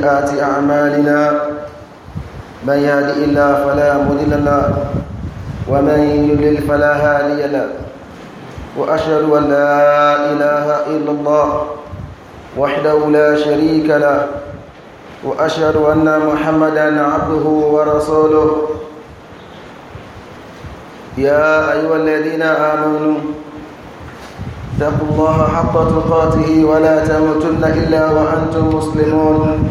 سيئات أعمالنا من يهد الله فلا مضل له ومن يضلل فلا هادي له وأشهد أن لا إله إلا الله وحده لا شريك له وأشهد أن محمدا عبده ورسوله يا أيها الذين آمنوا اتقوا الله حق تقاته ولا تموتن إلا وأنتم مسلمون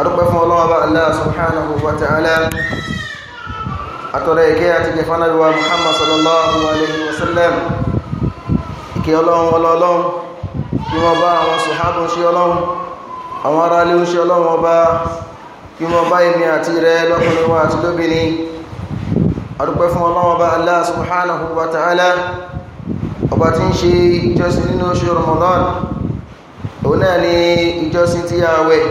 adúpẹ́ fún ọlọ́wọ́ bá Allah subhanahu wa ta'ala àtọ̀rẹ̀ ìkẹ́ àti gẹ̀fánàlúwà Muhammad sallallahu alayhi wa sallam ìkẹ́ ọlọ́run ọlọ́run kí wọ́n bá àwọn sọ̀hábùn sí ọlọ́run àwọn ará lè adúpẹ́ fún ọlọ́run bá wa ta'ala ọba tí ń ṣe ìjọsìn nínú oṣù Ramadan òun náà ni ìjọsìn tí a wẹ̀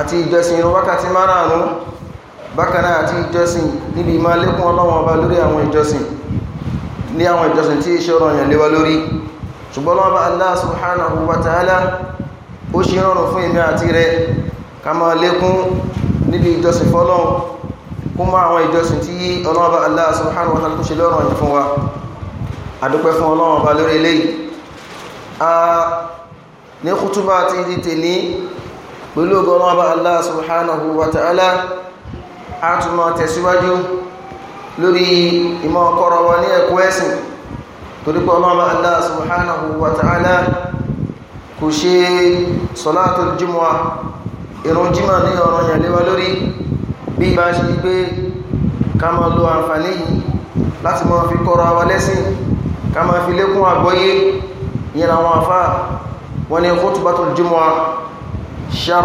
àti ìjọsìn irun wákàtí márààrún bákanáà àti ìjọsìn níbi ìmá lékún ọlọ́wọ́n ọba lórí àwọn ìjọsìn ní àwọn ìjọsìn tí iṣẹ́ ọ̀rọ̀ yẹn léwa lórí ṣùgbọ́n lọ́wọ́ Allah subhanahu wa ta'ala ó ṣe rọrùn fún èmi àti rẹ ká máa lékún níbi ìjọsìn fọ́lọ́n kó mọ́ àwọn ìjọsìn tí ọlọ́wọ́ ní pẹ̀lú ọgọ́rùn ọba Allah subhanahu wa ta'ala a tún máa tẹ̀síwájú lórí ìmọ̀ ọkọ̀rọ̀ wa ní ẹ̀kọ́ ẹ̀sìn torí pé ọlọ́ọ̀bá Allah subhanahu wa ta'ala kò ṣe sọ́látò jímọ̀ ìrun jímọ̀ ní ọ̀rọ̀ yẹn léwa lórí bí bá ṣe pé ká máa lo àǹfààní yìí láti máa fi kọ́rọ̀ wa lẹ́sìn ká fi lékún àgbọ́yé yẹn àwọn àfáà wọ́n ní khutbatul jímọ̀ ṣar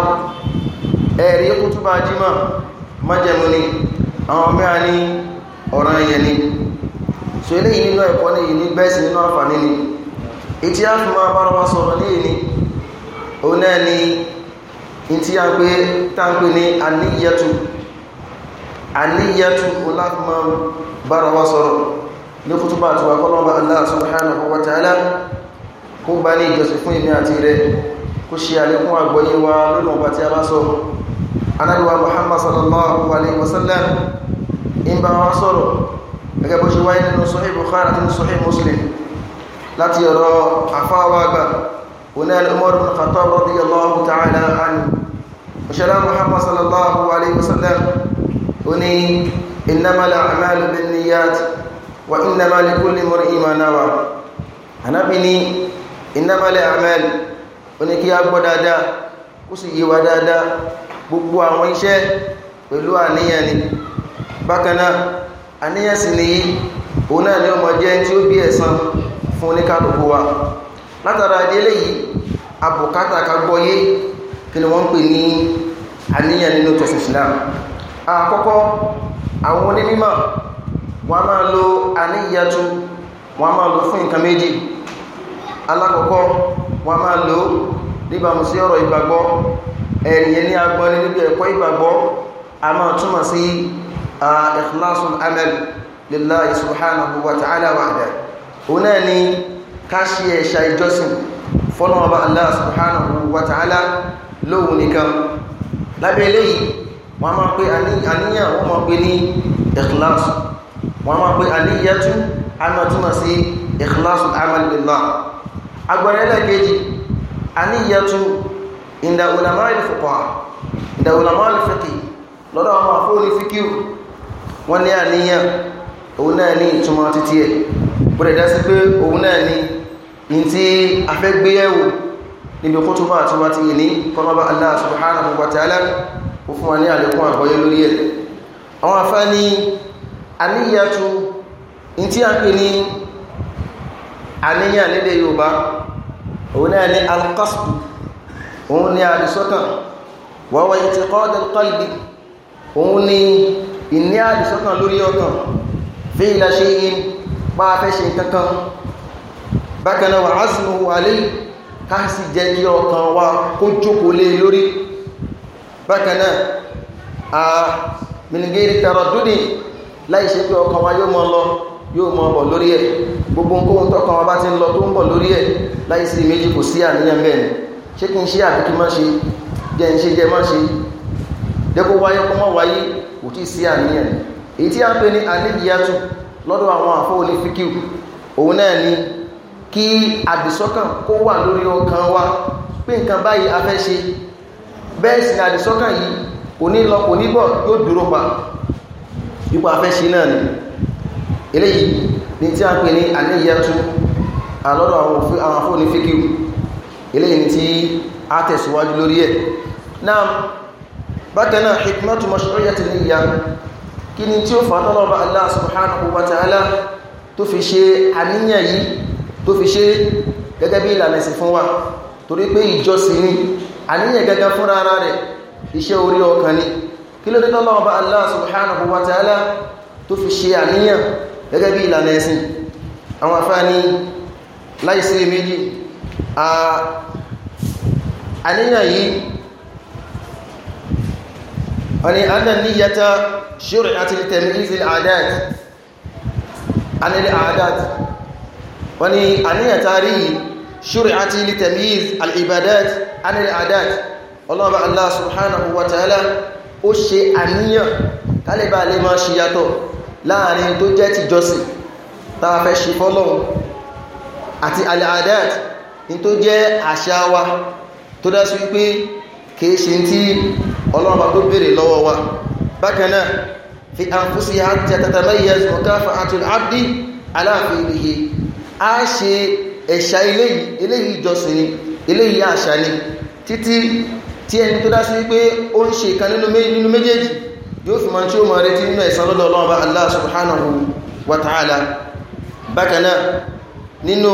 ẹ̀rí kútúbà jímọ̀ májẹ̀mú ni àwọn mẹ́ra ní ọ̀ràn yẹn ni so eléyìí nínú ẹ̀kọ́ ní ìní bẹ́ẹ̀sì nínú àǹfààní ni ìtí a fi máa bára wa sọ̀rọ̀ ní ìní òun náà ni ìtí a pé táǹpé ní àníyẹtù àníyẹtù òun láti máa bára wa sọ̀rọ̀ ní kútúbà àti wàkọ́lọ́mà Allah subhanahu wa ta'ala kó bá ní kó ṣe àlékún àgbọ́yé wa lónà ọba tí a bá sọ anábíwá muhammad sallallahu alayhi wa sallam in bá wọn sọ̀rọ̀ gẹ́gẹ́ bó ṣe wáyé nínú sahih bukhari àti sahih muslim láti ọ̀rọ̀ àfáwà àgbà onílẹ̀ umar bin khattab radiyallahu ta'ala anhu òṣèlá muhammad sallallahu alayhi wa sallam ó ní innamal a'malu binniyat ó ní kí a gbọ́ dáadáa kó sì yé wa dáadáa gbogbo àwọn iṣẹ́ pẹ̀lú àníyàn ni bákan náà àníyàn sì nìyí òun náà ni ọmọ jẹ́ tí ó bí ẹ̀san fún oníkálukú wa látara adélé yìí àbùkátà ká gbọ́yé kí ni wọ́n ń pè ní àníyàn nínú tẹ̀sán Islam àkọ́kọ́ àwọn onímọ̀ wọ́n máa lo àníyàtú wọ́n máa lo fún nǹkan méjì alákọ̀ọ́kọ́ wọn máa lò níbàmù sí ọ̀rọ̀ ìgbàgbọ́ ẹ̀rìyẹ ní agbọ́ni níbi ẹ̀kọ́ ìgbàgbọ́ a máa túmọ̀ sí ikhlasul amal lillahi subhanahu wa ta'ala wahda òun náà ni ká ṣe ẹ̀ṣà ìjọsìn fọ́nà ọba Allah subhanahu wa ta'ala lóhun nìkan lábẹ́ eléyìí wọ́n máa pé àníyàn wọ́n máa pé ní ikhlasu wọ́n máa sí ikhlasul amal agbọ̀nrin ẹlẹ́ẹ̀kejì àníyẹtu ìdá ulama al-fuqaha ìdá ulama al-fiqi lọ́dọ̀ àwọn àfóòní fíkíù wọ́n ní àníyàn òun náà ní ìtumọ̀ títí ẹ̀ bọ́dẹ̀ dá sí pé òun náà ní ní tí a fẹ́ gbé bá wa ta'ala ó fún wa ní àlékún àgbọ́yé lórí ẹ̀ àwọn afá ní àníyàtu ní òun náà ní alkọ́sùn òun ní àdìsọ́kàn wọ́wọ́ ìtìkọ́dẹ̀ kọ́lìbì òun ní ìní àdìsọ́kàn lórí ọkàn fi ilẹ̀ ṣe in pa afẹ́ ṣe kankan bákanáà wà ásìmò wà lè káàsì jẹ́ kí ọkàn wa kó jókòó lé e lórí bákanáà a mìnìgírí tẹ̀rọ̀ dúdì láìṣe pé ọkàn wa yóò mọ́ lọ yóò mọ bọ̀ lórí ẹ̀ gbogbo nǹkan tọ́kàn wọn bá ti ń lọ tó ń bọ̀ lórí ẹ̀ láì sí méjì kò sí àníyàn bẹ́ẹ̀ ni ṣé kí n ṣe àbí kí n má ṣe jẹ́ n ṣe jẹ́ má ṣe dẹ́kọ̀ wáyé kó má wáyé kò tí sí àníyàn ni èyí tí a ń pè ní àníyàtú lọ́dọ̀ àwọn àfọwọ́lé fíkìú òun náà ni kí àdìsọ́kàn kó wà lórí ọkàn wa pé nǹkan báyìí a fẹ́ ṣe bẹ́ẹ̀ sì ni àdìsọ́kàn yìí kò ní lọ kò ní bọ̀ yóò dúró pa ipò a ṣe náà ni eléyìí ní tí a pè ní àníyàtú alọ́dọ̀ àwọn afọ́ni fíkíw eléyìí tí a tẹ̀síwájú lórí ẹ̀ náà bákanáà hikmatu mashru'iyati niyya kí ni tí ó fàtọ́lọ́bà Allah subhanahu wa ta'ala tó fi ṣe àníyàn yìí tó fi ṣe gẹ́gẹ́ bí ìlànà sí fún wa torí pé ìjọsìn ni àníyàn gẹ́gẹ́ fúnra ara rẹ̀ tó fi ṣe àníyàn gẹ́gẹ́ bí ìlànà ẹ̀sìn àwọn afẹ́ ní láìsí méjì àníyàn yìí wọ́n ni annan níyàtà ṣírí àti tẹ̀míìzì àdáàtì anìlẹ̀ àdáàtì wọ́n ni àníyàn tàrí ṣírí àti tẹ̀míìzì al'ibadáàtì anìlẹ̀ àdáàtì ọlọ́ọ̀bá Allah subhanahu wa ta'ala ó ṣe láàrin tó jẹ́ ti jọsìn tá a fẹ́ ṣe fọ́lọ́run àti al-adat ní tó jẹ́ àṣà wa tó dá sí wípé kìí ṣe tí ọlọ́run bá tó béèrè lọ́wọ́ wa bákan náà fi anfusiha hatta tatamayyaz mukafa'atul abdi yóò fi ma tí ó ma retí nínú ẹ̀san lọ́dọ̀ ọlọ́ọ̀bá Allah subhanahu wa ta'ala bákanáà nínú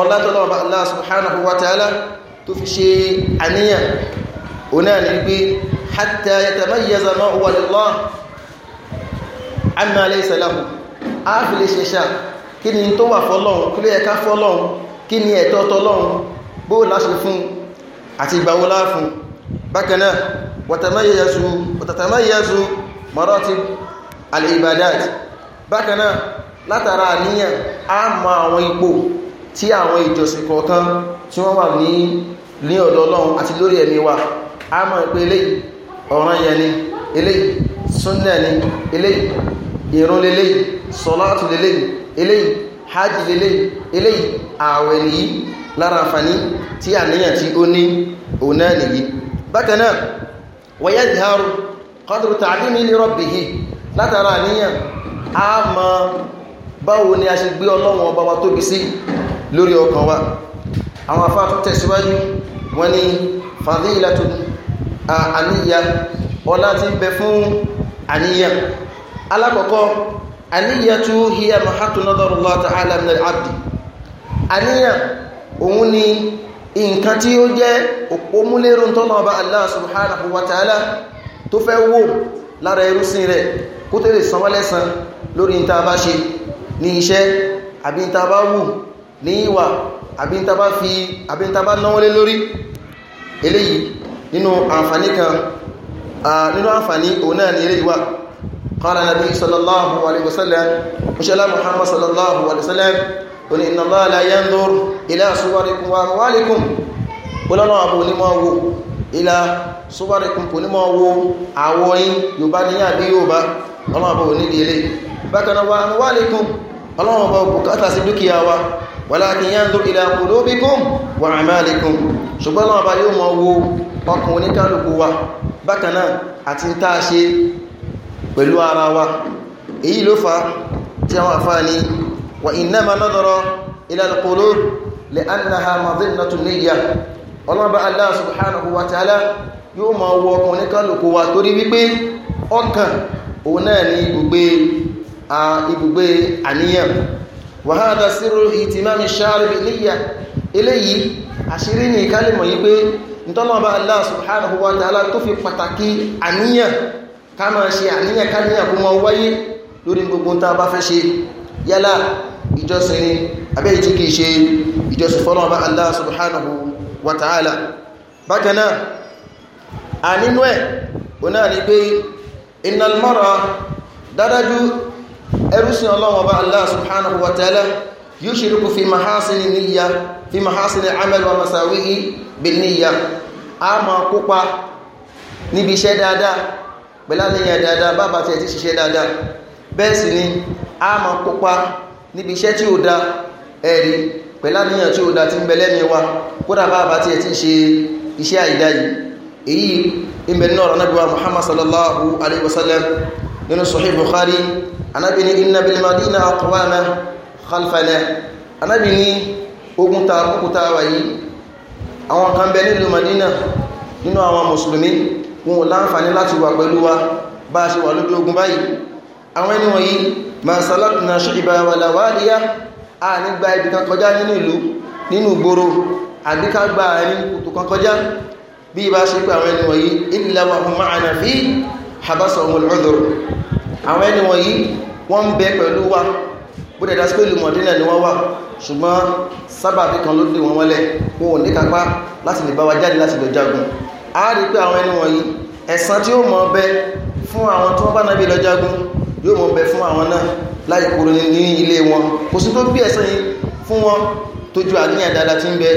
ọlátọ́lọ́ọ̀bá Allah subhanahu wa ta'ala tó fi ṣe àníyàn o náà ní pé hatta yatamayyaza ma huwa lillah amma laysa lahu a fi lè ṣeṣà kí ni wàtàmáyẹsù wàtàmáyẹsù maratib al-ibadat bákanáà látara àníyàn a ma àwọn ipò tí àwọn ìjọsìn kọ̀ọ̀kan tí wọ́n wà ní ní ọ̀dọ̀ ọlọ́run àti lórí ẹ̀mí wa a mọ̀ pé eléyìí ọ̀ràn yẹn ni eléyìí súnnà ni eléyìí ìrun leléyìí sọ̀látù leléyìí eléyìí ويظهر قدر تعليمه لربه látara àníyàn a mọ báwo ni a ṣe gbé ọlọ́run ọba wa tóbi sí lórí ọkàn wa àwọn afá tó tẹ̀síwájú wọ́n ní fadilatu àníyà ọlá ti bẹ fún àníyàn alákọ̀ọ́kọ́ àníyatu hiya mahatu nadharullah ta'ala min al-abdi àníyàn òun ni nǹkan tí ó jẹ́ òpómúlérò tọ́nà ọba Allah subhanahu wa ta'ala tó fẹ́ wò lára ẹrúsìn rẹ̀ kó tó lè sanwọ́lẹ́san lórí ìta bá ṣe ní iṣẹ́ àbí ìta bá wù ní ìwà àbí ìta bá fi àbí ìta bá náwọ́lé lórí eléyìí nínú àǹfàní ó ní inna Allaha la yanzuru ila suwarikum wa amwalikum ọlọ́nà àbò onímọ̀ wo ilá suwarikum kò nímọ̀ wo àwọ̀ yín yorùbá ní àbí yorùbá ọlọ́nà àbò onídìí ilé bákan àti ń ṣe pẹ̀lú ara wa èyí ló fa tí àwọn àfáà ní وإنما نظر إلى القلوب لأنها مظنة النية ọlọ́ba Allah subhanahu wa ta'ala yóò ma wọ ọkùnrin kan lòkó wa torí wípé ọkàn òun náà ni ibùgbé ibùgbé àníyàn wa hadha sirru ìtìmámi ṣáàrìbì níyà eléyìí àṣírí ní ìkálìmọ̀ yí pé nítọ́lọ́ba Allah subhanahu wa ta'ala tó fi pàtàkì àníyàn ká máa ṣe àníyàn káníyàn kó mọ wáyé lórí gbogbo tá a bá fẹ́ ṣe yálà ìjọsìn ni abẹ́yí tí kìí ṣe ìjọsìn fọ́lọ́wọ́ bá Allah subhanahu wa ta'ala bákanáà a nínú ẹ̀ o náà ni pé innal mara dádájú ẹrùsìn ọlọ́wọ́ bá Allah subhanahu wa ta'ala yushriku fi mahasini niyya fi mahasini amal wa masawi'i bin niyya a níbi iṣẹ́ tí ó dá ẹ̀rí pẹ̀láníyàn tí ó dá ti ń bẹ lẹ́mí wa kódà bá bá tí ẹ̀ ti ń ṣe iṣẹ́ àìdá yìí èyí ìbẹ̀ nínú ọ̀rọ̀ náà Muhammad sallallahu alaihi wasallam nínú Sahih Bukhari anábì ní inna bil madina aqwama khalfana anábì ní ogun ta kúkúta wà yìí àwọn kan bẹ nílùú madina nínú àwọn mùsùlùmí wọn láǹfààní láti wà pẹ̀lú wa bá a ṣe wà lójú ogun báyìí àwọn ẹni wọ̀nyí masalatna ṣíbà wàlà wádìíyá a ní gba ibi kan kọjá nínú ìlú nínú ìgboro àbí ká gba àárín kùtù kan kọjá bí ibà ṣe pé àwọn ẹni wọ̀nyí illa wa hum ma'ana fi habasahumul udhr àwọn ẹni wọ̀nyí wọ́n bẹ pẹ̀lú wa bó dẹ̀dá sí pé ìlú ni wọ́n wà ṣùgbọ́n sábàbí kan ló dé wọn wọlé wọn ò ní kápá láti lè bá wa jáde láti lọ jagun a rí pé àwọn ẹni wọ̀nyí ẹ̀san tí ó mọ̀ ọbẹ̀ fún àwọn tó wọ́n bá nàbí lọ jagun yóò mọ̀ bẹ fún àwọn náà láì kúrò ní ilé wọn kò sí tó bí ẹ̀sán yìí fún wọn tó ju àníyàn dáadáa tí ń bẹ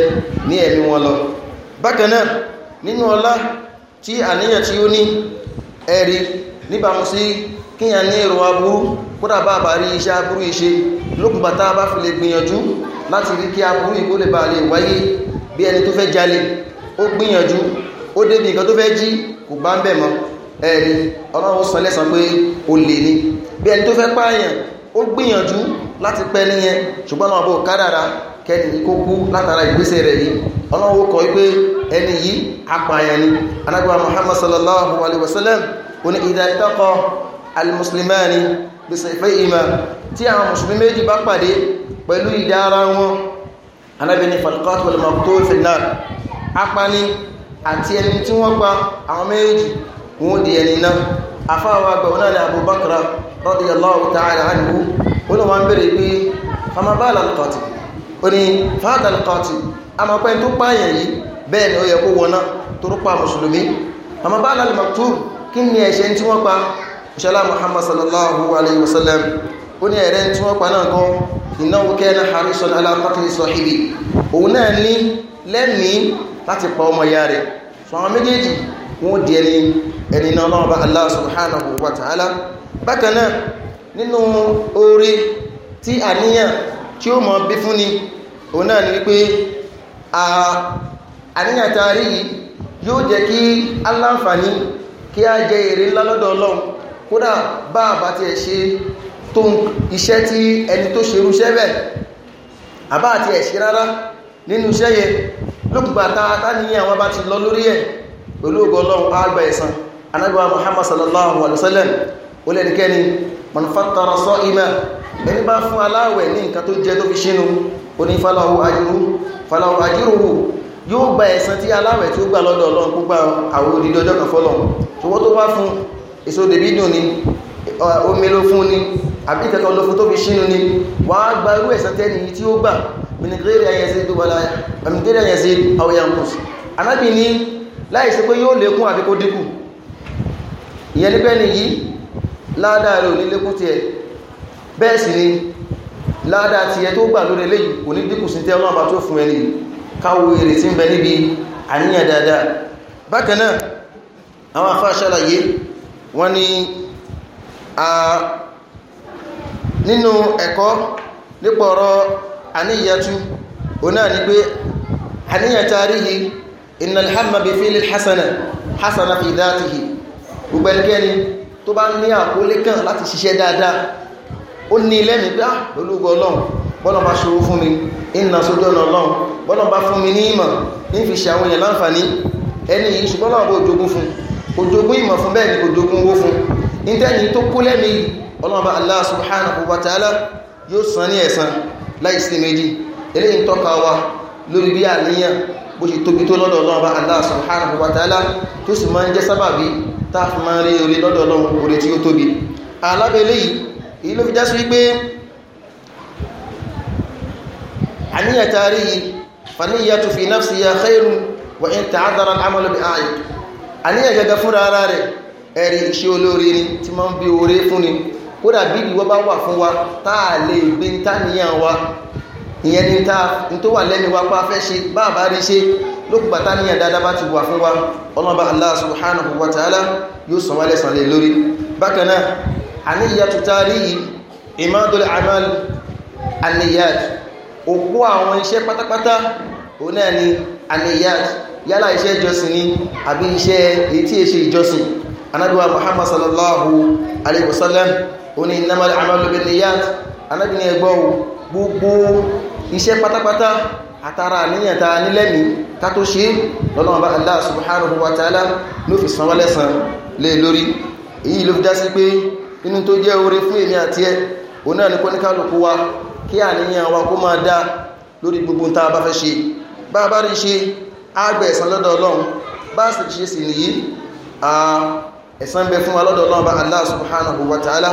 ní ẹ̀mí wọn lọ bákan náà nínú ọlá tí àníyàn tí ó ní ẹ̀rí níbàmú sí kíyàn ní èrò aburú kódà bá bá rí iṣẹ́ aburú iṣẹ́ lókùnbà tá a bá fi lè gbìyànjú láti rí kí aburú ìkó lè bá lè wáyé bí ẹni tó fẹ́ jalè ó gbìyànjú ó débi nǹkan tó fẹ́ jí kò bá ń bẹ̀ mọ́ ẹ̀rí ọlọ́run sọ lẹ́sàn pé ó lè ní bí ẹni tó fẹ́ pààyàn ó gbìyànjú láti pẹ́ níyẹn ṣùgbọ́n náà bó kádàrá kẹ́ni kó kú látara ìgbésẹ̀ rẹ̀ yìí ọlọ́wọ́ kọ̀ wípé ẹni yìí apààyàn ni anábíwá muhammad sallallahu alaihi wasallam ó ní idha ittaqa almuslimani bisayfayhima tí àwọn mùsùlùmí méjì bá pàdé pẹ̀lú ìdá ara wọn anábíní falqatul maqtul fin nar apani àti ẹni tí wọ́n pa àwọn méjì wọ́n di ẹni náà afáwọn àgbà náà ni abubakar radiyallahu ta'ala anhu wọn wọ́n bèèrè pé famabala al-qatil ó ní fada al-qatil a máa pẹ́ tó pààyàn yìí bẹ́ẹ̀ ni ó yẹ kó wọná tó rúpa mùsùlùmí famabala al-maktub kí ni ẹ̀ṣẹ̀ tí wọ́n pa ṣẹlá muhammad sallallahu alayhi wa sallam ó ní ẹ̀rẹ́ tí wọ́n pa náà kọ́ innahu kana méjèèjì wọ́n di ẹni ẹni náà lọ́wọ́ bá allah subhanahu wa ta'ala bákan náà nínú oore tí àníyàn tí ó mọ̀ bí fún ni òun náà ni wípé àníyàn tá a rí yìí yóò jẹ́ kí aláǹfààní kí a jẹ èrè ńlá lọ́dọ̀ ọlọ́run kódà bá àbá ti ẹ̀ ṣe tó iṣẹ́ tí ẹni tó ṣerú iṣẹ́ bẹ̀ àbá àti ṣe rárá nínú iṣẹ́ yẹn lókùgbà tààtà ní àwọn bá ti lọ lórí ẹ̀ pẹ̀lú ògo ọlọ́run àgbà ẹ̀san anábíwá Muhammad sallallahu alaihi wasallam ó lẹ́nikẹ́ni mọ̀nfàtàrà sọ ìmọ̀ ẹni bá fún aláwẹ̀ ní nǹkan tó jẹ tó fi ṣínú onífàláwò àjíròwò yóò gba ẹ̀san tí aláwẹ̀ tí ó gbà lọ́dọ̀ ọlọ́run púpà àwọn òdìdí ọjọ́ kan fọ́lọ̀ ṣùgbọ́n tó wá fún èso dèbídù ni omi ló fún ni àbí ìkẹ́kọ̀ọ́ ló fún tó fi ṣínú ni wà á ládàá rẹ̀ ò ní lékún ti ẹ̀ bẹ́ẹ̀ sì ni ládàá ti ẹ tó gbà lórí eléyìí kò ní dínkù sí tẹ́lọ́ àbá tó fún ẹni káwò èrè tí ń bẹ níbi àníyàn dáadáa bákan náà àwọn afá ṣàlàyé wọ́n ní a nínú ẹ̀kọ́ nípa ọ̀rọ̀ àníyàtú òun náà pé àníyàn tó bá ní àkólé kan láti ṣiṣẹ́ dáadáa ó ní lẹ́mìí pé ah, olúgbọ́ ọlọ́run bọ́lọ̀ bá ṣòro fún mi ìnà sójú ọ̀nà ọlọ́run bọ́lọ̀ bá fún mi ní ìmọ̀ ní fi ṣe àwọn èèyàn láǹfààní ẹni yìí ṣùgbọ́n lọ́wọ́ òjogún fún òjogún ìmọ̀ fún bẹ́ẹ̀ ni òjogún owó fún nítẹ́yìn tó kú lẹ́mìí ọlọ́run bá Allah subhanahu wa ta'ala yóò san ní ẹ̀san láì sí méjì eléyìí tọ́ka wa lórí bí àníyàn bó ṣe tóbi tó lọ́dọ̀ ọlọ́run bá Allah subhanahu wa ta'ala tó sì máa ń jẹ́ sábàbí táàfù máa rí orí lọ́dọ̀ ọlọ́run orí tí ó tóbi alábẹ̀lẹ̀ yìí èyí ló fi já sí wípé àníyàn taari yìí faniyatu fi nafsiha khairun wa in ta'adara al'amalu bi ayi àníyàn gaga fúnra ara rẹ̀ ẹ̀rí iṣẹ́ olóore ni tí máa ń bí oore fún ni kódà bí ìwọ bá wà fún wa táà lè gbé táníyàn wa ìyẹn ni tá tó wà lẹ́nu wa pa fẹ́ ṣe bá a bá rí ṣe lókùgbà tá níyàn dáadáa bá ti wà fún wa ọlọ́ba Allah subhanahu wa ta'ala yóò sàn wálẹ̀ sàn lè lórí bákan náà àníyàtú tarihi imadul amal aniyat òpó àwọn iṣẹ́ pátápátá òun náà ni aniyat yálà iṣẹ́ ìjọsìn ni àbí iṣẹ́ èyí gbogbo iṣẹ́ pátápátá àtàrà àníyàn ta nílẹ́mí ká tó ṣe lọ́nà bá Allah subhanahu wa ta'ala ló fi sanwó lẹ́san lé lórí èyí ló fi dá sí pé inú tó jẹ́ oore fún èmi àti ẹ òun náà ní kọ́níkàlùkù wa kí àníyàn wa kó máa dá lórí gbogbo tá a bá fẹ́ ṣe bá a bá rí ṣe àgbẹ̀ ẹ̀san subhanahu wa ta'ala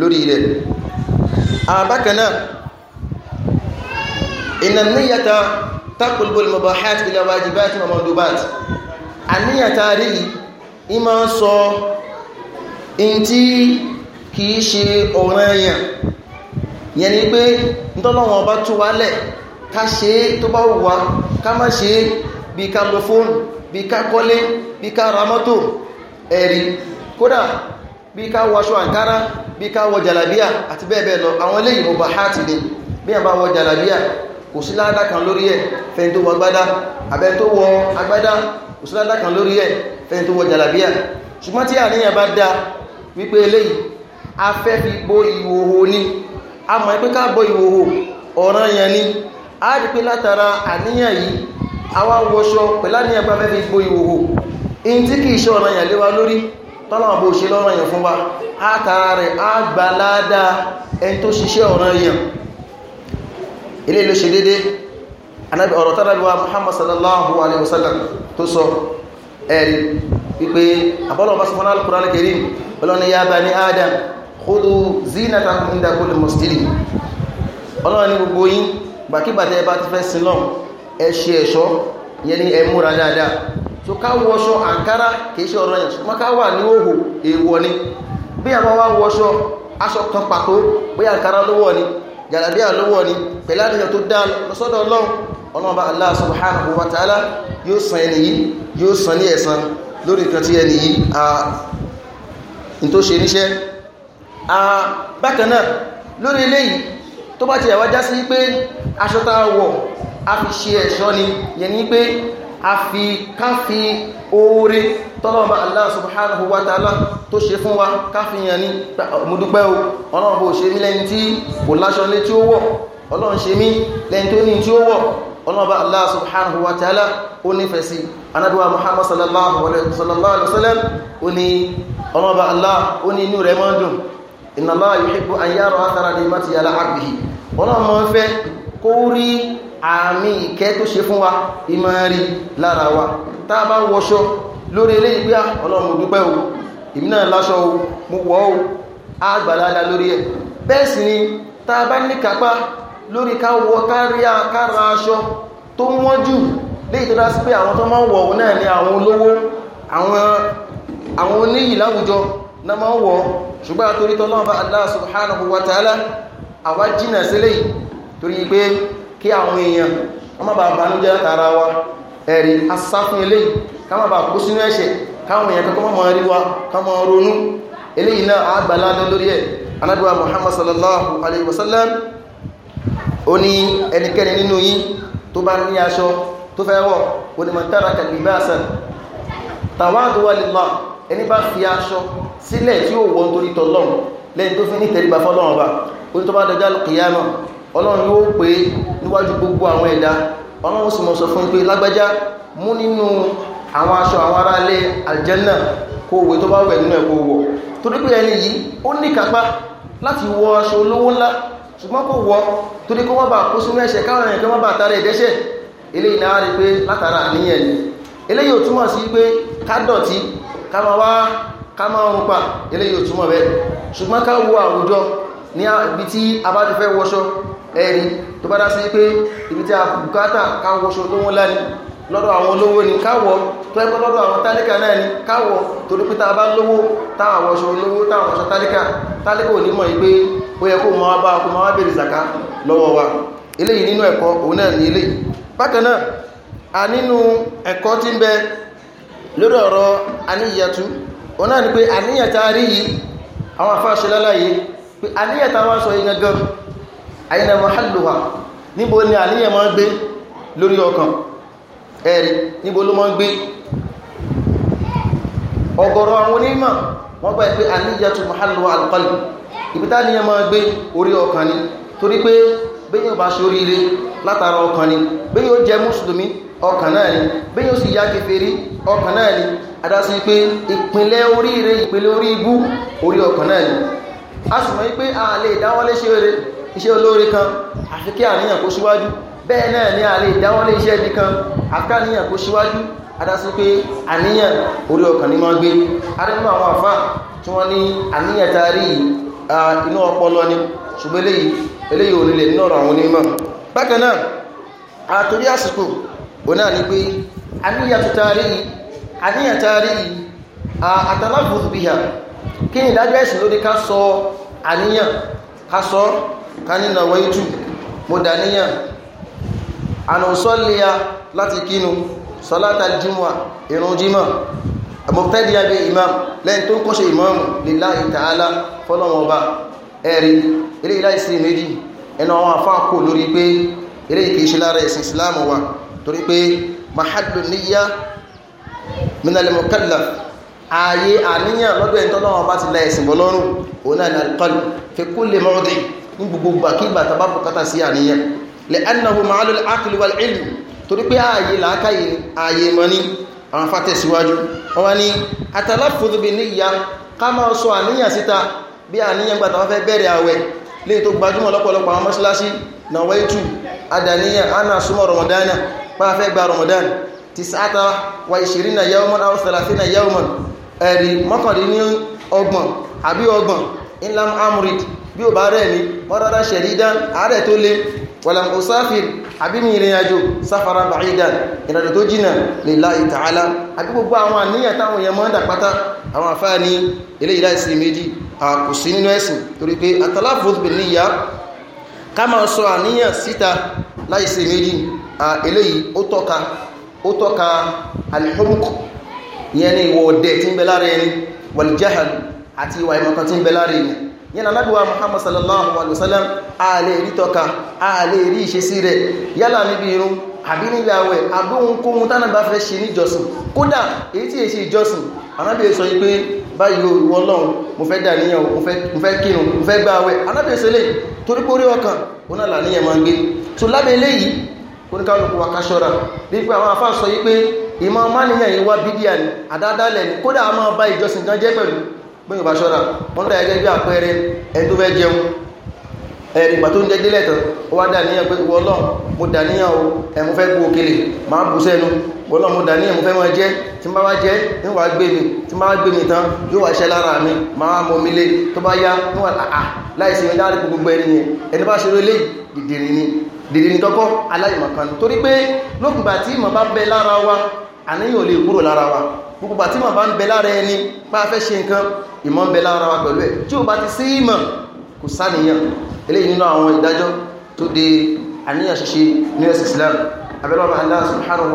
lórí rẹ̀ àbákan náà Ị na n'iya taa ta kulubali ma ọ bụ haa atịgila ọ baa ji baasi ma ama ọ dị baasi. A n'iya taa ri, ị ma sọ, ntị k'ishi ọrịa ya ya ni kwee ndọba ma ọ bụ ka sie tobaawo k'ama sie bi ka mofon, bi ka kọle, bi ka ramadọ, ɛri. Koda, bi ka Wasuankara, bi ka jalabiya ati beebee nọ, awon bụ haa atị de, bi ya ma wajalabiya. kò sí ládá kan lórí ẹ̀ fẹ́ni tó wọ agbádá abẹ́ tó wọ agbádá kò sí ládá kan lórí ẹ̀ fẹ́ni tó wọ jàlàbíà ṣùgbọ́n tí àníyàn bá dá wípé eléyìí a fẹ́ fi bo ìhòhò ni a mọ̀ pé ká bọ ìhòhò ọ̀ràn yẹn ni a rí pé látara àníyàn yìí a wá wọṣọ pẹ̀lú àníyàn bá fẹ́ fi bo ìhòhò in tí kì í ṣe ọ̀ràn yẹn lé wa lórí tọ́lọ́wọ́n bó ṣe lọ́rọ̀ yẹn fún wa a tara rẹ̀ a gbà ládàá ẹni tó ṣiṣẹ́ ọ̀ràn yẹn ilé ló ṣe dédé anábì ọ̀rọ̀ tánàbíwá muhammad sallallahu alaihi wasallam tó sọ ẹ̀rí wípé àbọ́lọ̀ bá sọmọ́nà al-Qur'an al-Karim ọlọ́ni ya bani adam khudhu zinatakum inda kulli masjidin ọlọ́ni gbogbo yín gbàkígbàtẹ́ ẹ bá ti fẹ́ sin náà ẹ ṣe ẹ̀ṣọ́ yẹn ni ẹ múra dáadáa so ká wọṣọ àǹkárá kìí ṣe ọ̀rọ̀ yẹn ṣùgbọ́n ká wà ní òhò èèwọ̀ ni bí àwọn wá wọṣọ aṣọ kan pàtó bí àǹkárá ló wọ̀ ni jàlàbí àlówọ́ ni pẹ̀lú àníyàn tó dá lọ́sọ́dọ̀ ọlọ́run ọlọ́run bá Allah subhanahu wa ta'ala yóò san ẹni yìí yóò san ní ẹ̀san lórí nǹkan tí ẹni yìí a n tó ṣe níṣẹ́ a bákan náà lórí eléyìí tó bá ti ẹ̀wá já sí pé aṣọ wọ̀ a fi ṣe ẹ̀ṣọ́ ni yẹn pé a fi ká fi oore tọ́lọ́ọ̀bá Allah subhanahu wa ta'ala tó ṣe fún wa káfíyàn ní múdúpẹ́ o ọlọ́run bó ṣe mí lẹ́ni tí kò láṣọ lé tí ó wọ̀ ọlọ́run ṣe mí lẹ́ni tó ní tí ó wọ̀ ọlọ́ọ̀bá Allah subhanahu wa ta'ala ó nífẹ̀ẹ́ sí anáduwa Muhammad sallallahu alayhi wa sallam ó ní ọlọ́ọ̀bá Allah ó ní inú rẹ̀ máa dùn lórí ilé ìgbé ah, ọlọ́run mo dúpẹ́ o èmi náà láṣọ o mo wọ̀ o àgbàládá lórí ẹ̀ bẹ́ẹ̀ sì ni tá a bá ní kápá lórí ká wọ kárí àkára aṣọ tó wọ́n jù léyìí tó dá sí pé àwọn tó máa ń wọ̀ òun náà ni àwọn olówó àwọn oníyì láwùjọ náà máa ń wọ̀ ṣùgbọ́n àtórí tọ́lọ́run bá Allah subhanahu wa ta'ala àwa jìnà sílẹ̀ torí pé kí àwọn èèyàn wọ́n má bàa banújẹ́ látara wa ẹ̀rí asá fún eléyìí káwọn bá kó sínú ẹ̀ṣẹ̀ káwọn èèyàn kankan mọ́ rí wa káwọn ronú eléyìí náà àgbàládọ́ lórí ẹ̀ anábíwá muhammad sallallahu alaihi wasallam ó ní ẹnikẹ́ni nínú yín tó bá ní aṣọ tó fẹ́ wọ̀ kò ní mọ̀tára kàlíbáṣà tàwádùwà lillah ẹni bá fi aṣọ sílẹ̀ tí ó wọ́n torí tọ́lọ́run lẹ́yìn tó fi ní tẹríba fọ́lọ́run ọba ó ọlọ́run yóò pé níwájú gbogbo àwọn ẹ̀dá ọlọ́run sì mọ̀ sọ fún pé lágbájá mú nínú àwọn aṣọ àwọn ará ilé aljanna kó wé tó bá wẹ̀ nínú ẹ̀kọ́ wọ̀ torí pé ẹni yìí ó ní kápá láti wọ aṣọ olówó ńlá ṣùgbọ́n kò wọ torí kó wọ́n bá kó sínú ẹ̀ṣẹ̀ káwọn ẹ̀kẹ́ wọ́n bá tara ẹ̀dẹ́ṣẹ̀ eléyìí náà rí pé ni eléyìí ò túmọ̀ sí pé ẹ̀rí tó bá dá sí pé ibi tí a bùkátà káwọ́ ṣo lówó ńlá ni lọ́dọ̀ àwọn olówó ni káwọ́ tó ẹgbẹ́ lọ́dọ̀ àwọn tálíkà náà ni káwọ́ torí pé tá a bá lówó táwọn ọṣọ olówó táwọn ọṣọ tálíkà tálíkà ò wa eléyìí nínú ẹ̀kọ́ òun náà ní eléyìí bákan náà a nínú ẹ̀kọ́ tí ń bẹ lórí ọ̀rọ̀ aníyàtú òun náà ni pé aníyàtá rí lálàyé pé aníyàtá wá sọ yìí gangan àyínà mahalluha níbo ni àníyàn máa ń gbé lórí ọkàn ẹ̀rí níbo ló máa ń gbé ọ̀gọ̀rọ̀ àwọn onímọ̀ wọ́n gbà pé àníyàn tó mahalluha alqalb ibi táníyàn máa ń gbé orí ọkàn ni torí pé bẹ́yìn ọba ṣorí ilé látara ọkàn ni bẹ́yìn ó jẹ mùsùlùmí ọkàn náà ni bẹ́yìn ó sì yá kèfèrí ọkàn náà ni adásí pé ìpínlẹ̀ oríire ìpínlẹ̀ orí ibú orí ọkàn náà ni a sì mọ̀ pé a lè dáwọ́lé ṣe rere iṣẹ́ olóore kan àfi kí àníyàn kó síwájú bẹ́ẹ̀ náà ni a lè dáwọ́lé iṣẹ́ ibi kan àfi kí àníyàn kó síwájú adásí pé àníyàn orí ọkàn ní máa gbé arínú àwọn àfá tí wọ́n ní àníyàn tarí inú ọpọlọ ni ṣùgbọ́n eléyìí ò nílẹ̀ nínú ọ̀rọ̀ àwọn onímọ̀ bákan náà àtòrí àsìkò ò náà ni pé àníyàn tarí àníyàn tarí àtàlágbòdùbíhà kí ìdájọ́ ẹ̀sìn lórí ká sọ àníyàn ká sọ kánínà wẹ́ìtù mo dàníyàn ànùsọ́lẹ̀yà láti kínu sọ́látà jímọ̀ ìrun jímọ̀ àmọ̀tẹ́dì abẹ́ imam lẹ́yìn tó ń kọ́ṣe ìmáàmù lillahi ta'ala fọ́lọ́mọba ẹ̀rí ilé ìláìsí méjì ẹnà àwọn àfáà kò lórí pé eré ìkè ṣe lára ẹ̀sìn islam wa torí pé mahaddu níyà minal mukallaf ààyè àníyàn lọ́dọ̀ ẹ̀ntọ́lọ́wọ́ bá ti la ẹ̀sìn bọ́lọ́rùn òun náà ní fi kulli mawdi' ní gbogbo gbàkígbà tàbá bùkátà sí àníyàn lè ẹnàwó màálù àkìlú wà ìlú torí pé ààyè làákàyè ààyè mọ́ ní àwọn afátẹ̀síwájú wọn ni àtàláfòdùbí ní ìyá ká máa sọ àníyàn síta bí àníyàn gbà tàbá fẹ́ bẹ̀rẹ̀ àwẹ̀ lè tó gbajúmọ̀ lọ́pọ̀lọpọ̀ àwọn ana súnmọ̀ rọmọdánà bá fẹ́ gba rọmọdán ti sáàtà wà ìṣìrìnà yawman aw thalathina yawman ẹ̀rì mọ́kànlélọ́gbọ̀n àbí inlam amrit bí ó bá rẹ̀ ní mọ́rọ́dá ṣẹ̀rídán ààrẹ tó lé wàlàm òsáfir àbímì ìrìnàjò sáfara bàídàn ìrìnàjò tó jìnà lillahi ta'ala àbí gbogbo àwọn àníyàn táwọn èèyàn mọ́ ń dàpátá àwọn àfáà ní ilé ìlà ìsìn méjì kò nínú ẹ̀sìn torí pé at-talaffuz bin ká yẹn anábíwá muhammad sallallahu alaihi wasallam a lè rí tọ́ka a lè rí ìṣesí rẹ̀ yálà níbi irun àbí níbi àwẹ̀ àbí ohunkóhun tánà bá fẹ́ ṣe níjọsìn kódà èyí tí èṣe ìjọsìn anábíyẹ sọ yí pé báyìí olùwọ́ ọlọ́run mo fẹ́ dàníyàn mo fẹ́ kírun mo fẹ́ gba àwẹ̀ anábíyẹ sọ lè torí pé orí ọkàn ó náà làníyàn máa ń gbé so lábẹ́ eléyìí oníkálukú wa káṣọ́ra bí pé àwọn afáà yí pé ìmọ̀ máníyàn yìí wá bídíà ni àdádálẹ̀ ni kódà a máa bá ìjọsìn gan jẹ́ pẹ̀lú bẹ́ẹ̀ bá ṣọ́ra wọ́n dá ẹgẹ́ bí àpẹẹrẹ ẹni tó fẹ́ jẹun ẹ̀rì ìgbà tó ń jẹ́jẹ́ lẹ́tọ̀ ó wá dàníyàn pé wọ́n lọ́ mo dàníyàn o ẹ̀mú fẹ́ gbó òkèlè máa bù sẹ́nu wọ́n lọ́ mo dàníyàn mo fẹ́ wọn jẹ́ tí bá wá jẹ́ yóò wá gbé mi tí bá wá gbé mi tán yóò wá ṣẹ́ lára mi máa mọ mi lé tó bá yá níwà àà láìsí mi dárí gbogbo ẹni yẹn ẹni bá ṣeré lé dìdìrín ni dìdìrín tọ́kọ́ aláìmọ̀kan torí pé lókùngbà tí ìmọ̀ bá bẹ lára wa àníyàn ò lè kúrò lára wa gbogbo àti màá bá ń bẹ lára ẹni bá fẹ́ ṣe nǹkan ìmọ̀ ń bẹ lára wa pẹ̀lú ẹ̀ tí ó bá ti sí ìmọ̀ kò sáníyàn eléyìí nínú àwọn ìdájọ́ tó de àníyàn ṣíṣe ní ẹ̀sìn Islam abẹ́lọ́rọ̀ Allah subhanahu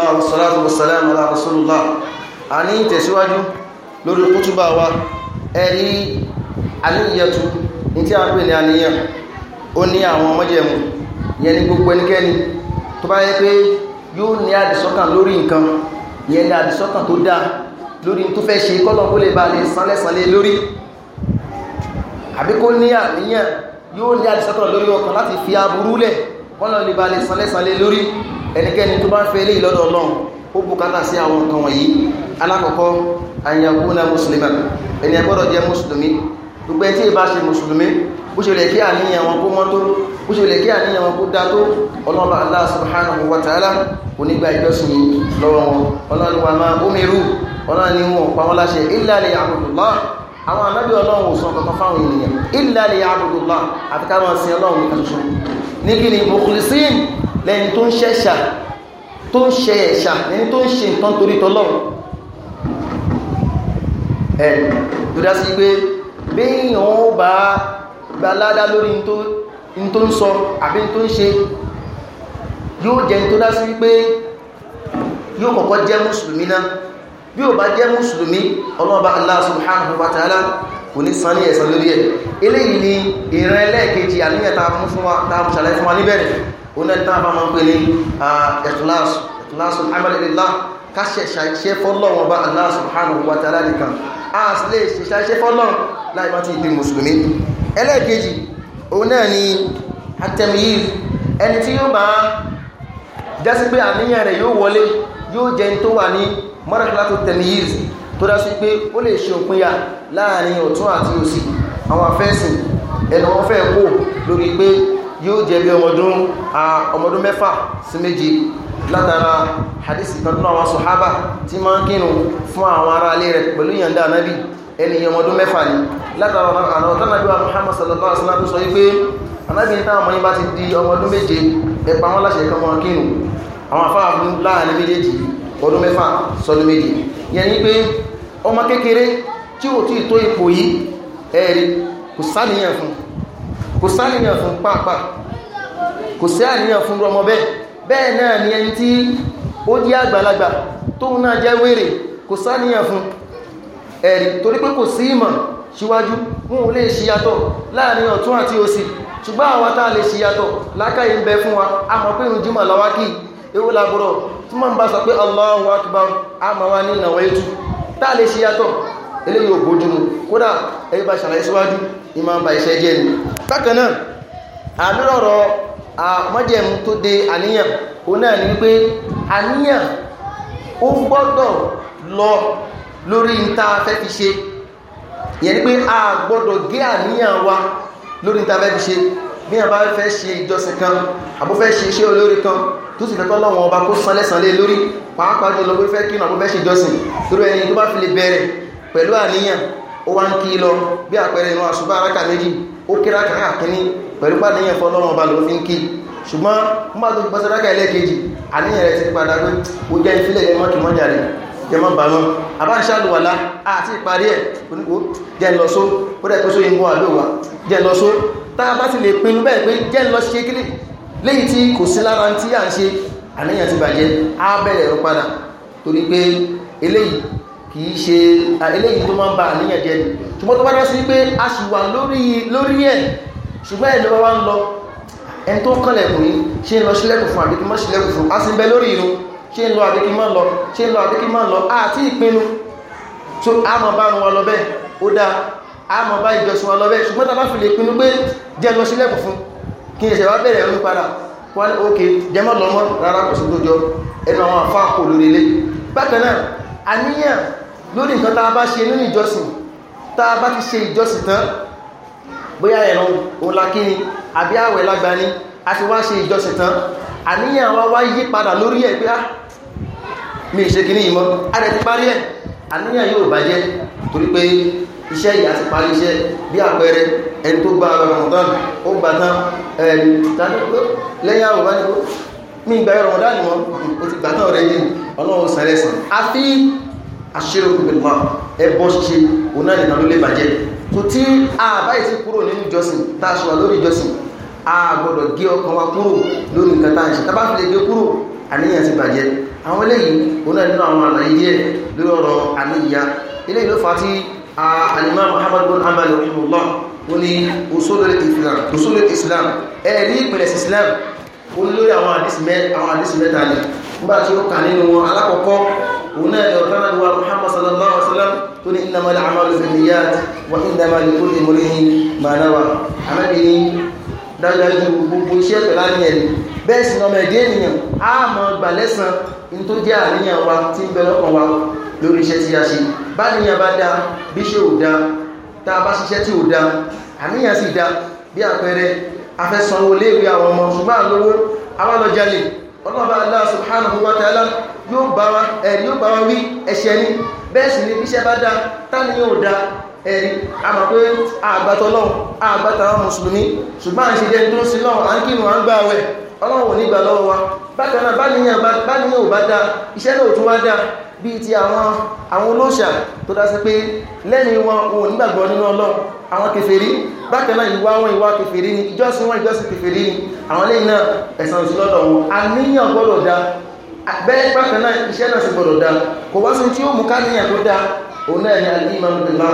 alhamdulillah wassalatu wassalamu ala rasulullah a ní tẹ̀síwájú lórí kútùbà wa ẹ̀rí àníyàtú ní tí a ń pè ní àníyàn ó ní àwọn májẹ̀mú yẹn ní gbogbo ẹnikẹ́ni tó bá yẹ pé yóò ní àdìsọ́kàn lórí nǹkan yẹn ní àdìsọ́kàn tó dáa lórí tó fẹ́ ṣe kọ́lọ̀ kó lè ba lè sánlẹ̀sánlẹ̀ lórí lè ba lè sánlẹ̀sánlẹ̀ lórí ẹnikẹ́ni tó bá fẹ́ eléyìí lọ́dọ̀ Ọlọ́run ó bùkátà sí àwọn nǹkan wọ̀nyí alákọ̀ọ́kọ́ àyàkúnà mùsùlùmí ẹni ẹ gbọ́dọ̀ jẹ́ mùsùlùmí gbogbo ẹ tí ì bá ṣe mùsùlùmí bó ṣe lè kí àníyàn wọn kó mọ́ tó bó ṣe lè kí àníyàn wọn kó dá tó ọlọ́ba Allah subhanahu wa ta'ala kò ní gba ìjọsìn lọ́wọ́ wọn ọlọ́run wa máa umiru ọlọ́run ni wọn pa wọn àwọn anábì ọlọ́run òsàn kankan fáwọn ènìyàn illa liya'budullah àti káwọn sin ọlọ́run nìkan ṣoṣo ní kí ni mukhlisin lẹ́ni tó ń ṣẹ̀ṣà tó ń ṣe ẹ̀ṣà lẹ́ni tó ń ṣe nǹkan torí tọ́lọ́run ẹ̀ tó dá sí pé béèyàn ó bá gbaládá lórí ní tó ń sọ àbí ní tó ń ṣe yóò jẹ́ tó dá sí wípé yóò kọ́kọ́ jẹ́ mùsùlùmí náà bí ó bá jẹ́ mùsùlùmí ọlọ́ọ̀bá Allah subhanahu wa ta'ala kò ní san ní ẹ̀san lórí ẹ̀ eléyìí ni ìran ẹlẹ́ẹ̀kejì àníyàn tá a mú ṣàlàyé fún wa níbẹ̀rẹ̀ onẹ́ta bá máa ń pè ní ẹ̀kíláàsù ẹ̀kíláàsù amẹ́lẹ́lẹ́lá ká ṣẹ̀ṣẹ̀ fọ́lọ́wọ́n bá Allah subhanahu wa ta'ala nìkan a sì lè ṣẹ̀ṣẹ̀ fọ́lọ́wọ́n láì bá ti di mùsùlùmí ẹlẹ́ẹ̀kejì òun náà ni atẹ̀míyìí ẹni tí yóò bá jásí pé àníyàn rẹ̀ yóò wọlé yóò jẹ́ tó wà ní mọ́rànlátò tẹ̀míyìí tó dá sí yóò jẹ́ bí ọmọdún ọmọdún mẹ́fà sí méje látara hadisi kan nínú àwọn sọ̀hábà tí máa ń kínú fún àwọn ará alé rẹ̀ pẹ̀lú ìyàndà anábì ẹniyàn ọmọdún mẹ́fà ni látara àwọn ọ̀tánàbí wa Muhammad sallallahu alaihi wasallam sọ wípé anábì ní táwọn ọmọdún bá ti di ọmọdún méje ẹ̀pà wọn láṣẹ kan wọn kínú àwọn afáà kò sáníyàn fún kò sáàníyàn fún pàápàá kò sí àníyàn fún ọmọ bẹ́ẹ̀ bẹ́ẹ̀ náà ni ẹni tí ó jẹ́ àgbàlagbà tóun náà jẹ́ wèrè kò sáàníyàn fún ẹ̀rí torí pé kò sí ìmọ̀ síwájú wọn lè ṣíyàtọ̀ láàrin ọ̀tún àti òsì ṣùgbọ́n tá a lè ṣíyàtọ̀ lákàyè ń bẹ fún wa a mọ̀ pé ìrun ewu làbúrọ̀ tí bá sọ pé a mọ̀ wá ní ìnáwó ètù tá a lè ṣíyàtọ̀ eléyìí ò bójú mu kódà ẹbí bá ṣàlàyé síwájú ní máa ń ba iṣẹ́ jẹ́ ni bákan náà àlúrọ̀rọ̀ àmọ́jẹ̀mú tó de àníyàn òun náà ni pé àníyàn ó gbọ́dọ̀ lọ lórí níta fẹ́ fi ṣe ìyẹn ni pé a gbọ́dọ̀ gé àníyàn wa lórí níta fẹ́ fi ṣe bí a bá fẹ́ ṣe ìjọsìn kan àbó fẹ́ ṣe iṣẹ́ olórí kan tó sì fẹ́ kọ́ lọ́wọ́ ọba kó sanlẹ̀sànlẹ̀ lórí pàápàá jùlọ pé fẹ́ kí n àbó fẹ́ ṣe ìjọsìn lórí ẹni tó bá fi lè bẹ̀rẹ̀ pẹ̀lú àníyàn ó wá ń kí lọ bí àpẹẹrẹ inú àṣùbá aráka méjì ó kíra kàrà kíní pẹ̀lú pàdéyàn fọlọ́run ọba ló fi ń kí ṣùgbọ́n wọ́n bá tó fi pàṣẹ aráka ẹlẹ́ẹ̀kejì àníyàn rẹ̀ ti padà pé ó jẹ́ ìfilẹ̀ yẹn mọ́kì mọ́jà rẹ̀ jẹ́ mọ́ bàmọ́ àbáṣàlùwàlá àti ìparí ẹ̀ jẹ́ lọ só ó dẹ̀ tó só ìmú àlóòwà jẹ́ lọ só tá a bá ti lè pinnu bẹ́ẹ̀ pé jẹ́ àníyàn ti bàjẹ́ á ẹ̀rọ padà torí pé eléyìí kìí ṣe eléyìí tó máa ń ba àníyàn jẹ́ ni ṣùgbọ́n tó bá dá sí pé a sì wà lórí lórí ẹ̀ ṣùgbọ́n ẹ̀ ló bá wá ń lọ ẹni tó ń kọ́lẹ̀kùn yìí ṣe ń lọ sílẹ̀kùn fún àbíkí mọ́ sílẹ̀kùn fún a sì ń bẹ lórí irun ṣe ń lọ àbíkí mọ́ lọ ṣe ń lọ àbíkí mọ́ lọ àti ìpinnu tó a mọ̀ bá wọn lọ bẹ́ẹ̀ ó dáa a mọ̀ bá ìjọsìn wọn lọ bẹ́ẹ̀ ṣùgbọ́n tá a bá fi lè pinnu pé jẹ́ lọ sílẹ̀kùn fún kí n ṣe wá bẹ̀rẹ̀ ọdún padà wọn ok jẹ́ mọ́ lọ mọ́ rárá kò sí tó jọ ẹnu àwọn àfa kò lórí ilé bákan náà àníyàn lórí nǹkan tá a bá ṣe nínú ìjọsìn tá a bá ti ṣe ìjọsìn tán bóyá ẹ̀rùn òlàkíní àbí àwẹ̀ lágbàní a ti wá ṣe ìjọsìn tán àníyàn wa wá yí padà lórí ẹ̀ pé á ah, mi ṣe kìíní yìí a rẹ̀ ti parí ẹ̀ àníyàn yóò bàjẹ́ torí pé iṣẹ́ yìí àti parí iṣẹ́ bí àpẹẹrẹ ẹni tó gba ọ̀rọ̀ mọ̀tán ó gbà tán ẹ̀ẹ́dì tàbí lẹ́yìn àwòrán mi ìgbà ẹ̀rọ ọ̀dá ni wọ́n o ti gbà náà rẹ̀ yìí ọlọ́run sàn rẹ̀ sàn àfi àṣírí òkùnkùn mọ́ ẹbọ ṣe òun náà nìkan ló lè bàjẹ́ kò tí àbá ìsí kúrò nínú ìjọsìn tá a ṣùwà lórí ìjọsìn a gbọ́dọ̀ gé ọkàn wa kúrò lórí nǹkan tá a ṣe tábà fi lè gé kúrò àníyàn ti bàjẹ́ àwọn eléyìí òun náà nínú àwọn àlàyé díẹ̀ lórí ọ̀rọ̀ àníyàn eléyìí ló fà á tí alimami muhammad bin amal rahimahullah ó ní usulul islam ẹ̀rí ìpìlẹ̀ islam ó lórí àwọn àdísì mẹ́ta ni nígbà tí ó kà nínú wọn alákọ̀ọ́kọ́ òun náà yọ̀ tánà lọ́wọ́ Muhammad sallallahu alaihi wasallam tó ní innamal a'malu binniyat wa innamal likulli imri'in ma nawa àmẹ́bí ní dájúdájú gbogbo iṣẹ́ pẹ̀lá ní ẹ̀rí bẹ́ẹ̀ sì nọmọ ẹ̀dẹ́ ènìyàn á mọ gbà lẹ́sàn ní tó jẹ́ afẹ́sanwó léèwé àwọn ọmọ ṣùgbọ́n àlówó awálọ́jálè ọlọ́ba Allah subhanahu wa ta'ala yóò bá wa ẹ̀rí yóò wa wí ẹ̀ṣẹ̀ ní bẹ́ẹ̀ sì ni iṣẹ́ bá dá tání yóò dá ẹ̀rí àmà pé àgbàtọ́lọ́hùn àgbàtàwọn mùsùlùmí ṣùgbọ́n à ń ṣe jẹ́ tó sí lọ́hùn à ń kírun à ń gbà wẹ̀ ọlọ́run ò ní gbà lọ́wọ́ wa bákan náà bá níyàn ò bá dá iṣẹ́ náà ò tún wá dá bíi ti àwọn àwọn olóṣà tó dásí pé lẹ́yìn wọn ò nígbàgbọ́ nínú ọlọ́ àwọn kèfèrí bákan náà ìwà wọn ìwà kèfèrí ni ìjọsìn wọn ìjọsìn kèfèrí ni àwọn lẹ́yìn náà ẹ̀sàn ìṣúlọ́dọ̀ wọn àníyàn gbọ́dọ̀ da bẹ́ẹ̀ bákan náà iṣẹ́ náà sì gbọ́dọ̀ da kò wá sí tí ó mú káníyàn tó da ni àdí ìmọ̀ ìgbà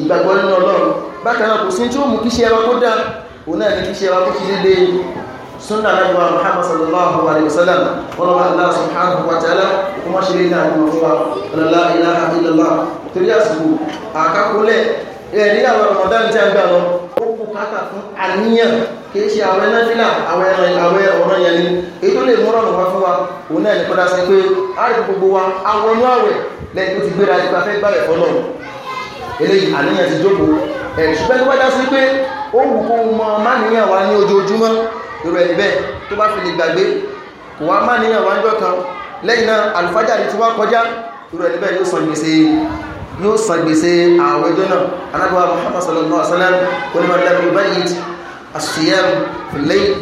ìgbàgbọ́ nínú ọlọ́run bákan náà kò sí tí ó mú kíṣẹ́ ẹranko da sunna nabi wa muhammad sallallahu alaihi wasallam wala wa allah subhanahu wa ta'ala kuma shiri na ni wa la ilaha illallah torí àsìkò akakule e ni àwọn ramadan tí an gbà lọ ó kù kàkà fún àníyàn kì ṣe àwọn nafila àwọn àwọn ọ̀ràn yẹn ni e tó lè mú ran wa fún wa òun náà ni padà ṣe pé a gbogbo wa àwọn àwẹ̀ le ti gbéra ti fẹ́ gbà le eléyìí àníyàn ti jókòó ẹ̀ eh, tó bá sí pé ó wù irú ẹni bẹ́ẹ̀ tó bá fi lè gbàgbé kò wá má níyàn wá ń jọ kan lẹ́yìn náà àlùfájà ti wá kọjá irú ẹni bẹ́ẹ̀ yóò san gbèsè yóò san gbèsè àwọn ẹjọ́ náà anábọ̀ Muhammad sallallahu alaihi wa sallam onímọ̀ dábìlì báyìí àṣìyẹ́rù fìlẹ́yìn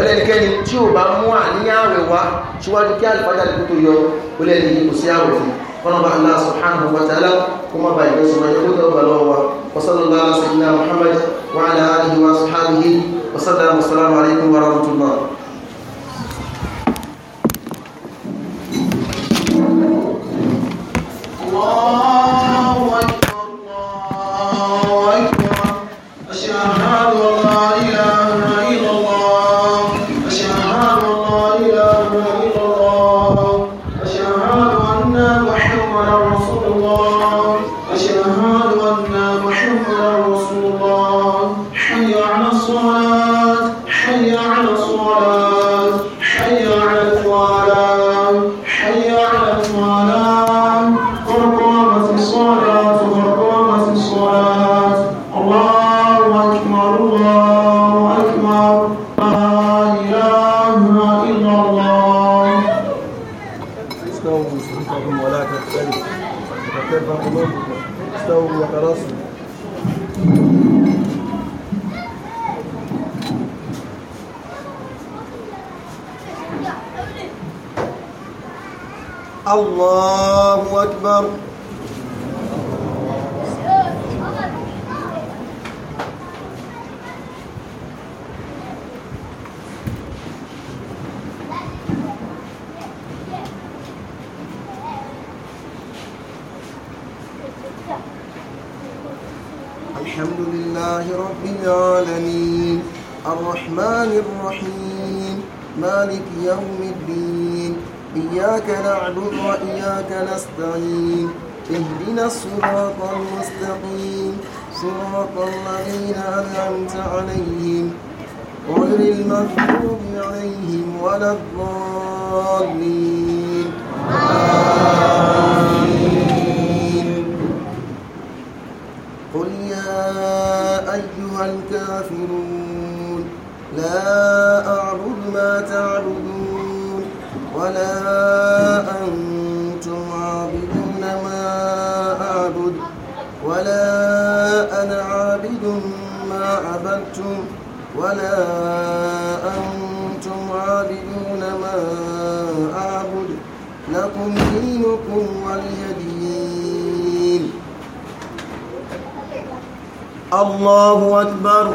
ọlẹ́nikẹ́ni tí ó bá mú àníyàn àwẹ̀ wá síwájú kí àlùfájà lè tó yọ olẹ́ni kò sí àwẹ̀ fún kọ́nàbà Allah subhanahu wa ta'ala kó má bàa ìgbésùn ọjọ́ kó tó bá lọ́wọ́ wa wa sallallahu alaihi wa sallam Muhammad wa ala alihi wa sahbihi وسلم والسلام عليكم ورحمة الله الله الصلاة قد قامت الصلاة قد الله أكبر الله أكبر لا إله إلا الله استووا صفوفكم الله أكبر نستعين اهدنا الصراط المستقيم صراط الذين أنعمت عليهم غير المغضوب عليهم ولا الضالين آمين قل يا أيها الكافرون لا ولا أنتم عابدون ما أعبد لكم دينكم ولي دين الله أكبر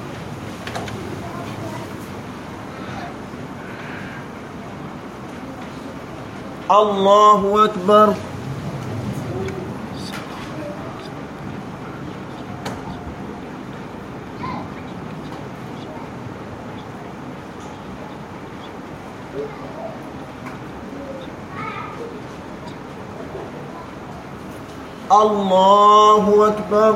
الله أكبر الله أكبر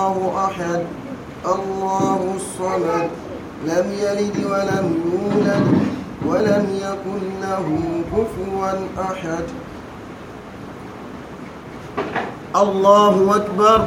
الله أحد الله الصمد لم يلد ولم يولد ولم يكن له كفوا أحد الله أكبر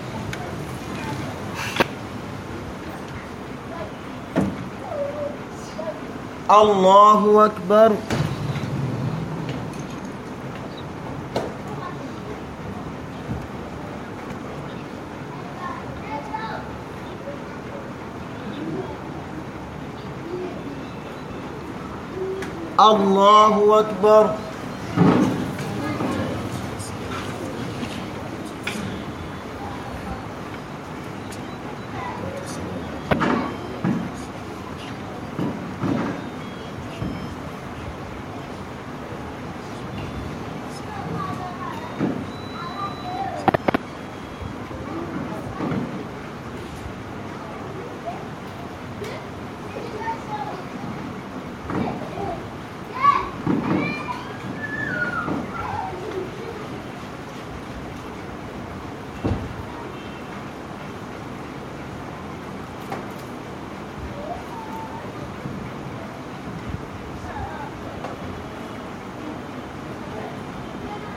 الله أكبر الله أكبر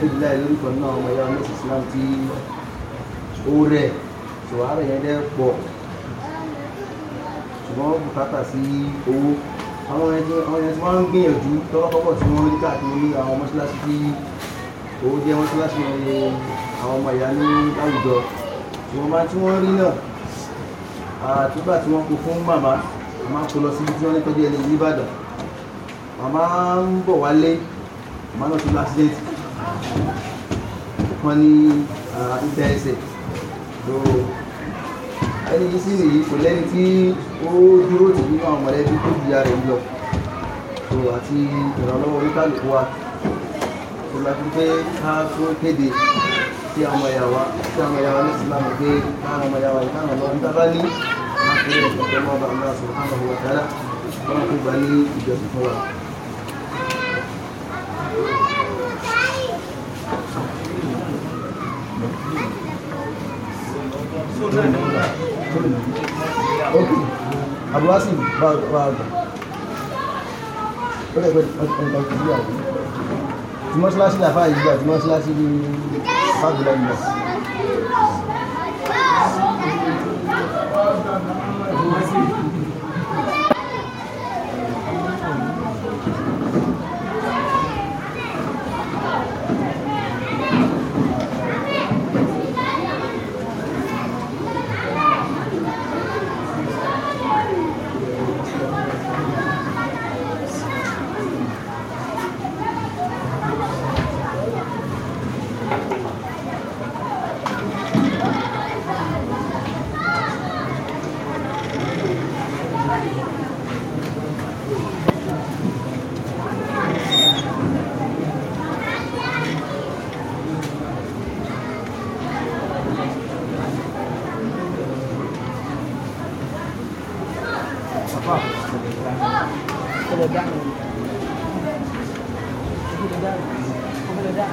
Alhamdulillah lórúkọ náà ọmọ ìyá mẹ́sì Islam tí ó rẹ̀ ṣùgbọ́n yẹn dẹ́ pọ̀ ṣùgbọ́n bùkátà sí owó àwọn ẹni tí wọ́n ń gbìyànjú lọ́wọ́kọ́kọ́ tí wọ́n rí káàkiri àwọn mọ́ṣáláṣí tí owó jẹ́ mọ́ṣáláṣí àwọn ọmọ ìyá ní láwùjọ ìwọ̀n máa tí wọ́n rí náà àtúgbà tí wọ́n kó fún màmá màmá kó lọ síbi tí wọ́n ní tọ́jú ẹni ní Ìbàdàn màmá ń bọ̀ wálé màmá náà ti lọ accident wọ́n ní ìtẹ́ ẹsẹ̀ tó ẹni yìí sì nìyí kò lẹ́ni tí ó dúró tì nínú àwọn mọ̀lẹ́bí tó di ara rẹ̀ lọ tó àti ìrànlọ́wọ́ oníkàlùkù wa tó láti pé ká tó kéde sí àwọn ẹ̀yà wa sí àwọn ẹ̀yà wa ní ìsìlámù pé káwọn ọmọ ẹ̀yà wa yìí káwọn ọlọ́run dábàá ní láti rí ẹ̀sìn ọ̀gbẹ́ mọ́ba ọ̀nà àṣọ káwọn ọmọ ọ̀tá náà wọ́n kó ní ìjọsìn fún wa. ok abubakar bá Boleh, boleh, ó lè pẹ́ ọ̀nà ìdílé àbí tí mọ́ṣáláṣí làfáà yìí gbà tí mọ́ṣáláṣí ní fábùlà Kau boleh dah.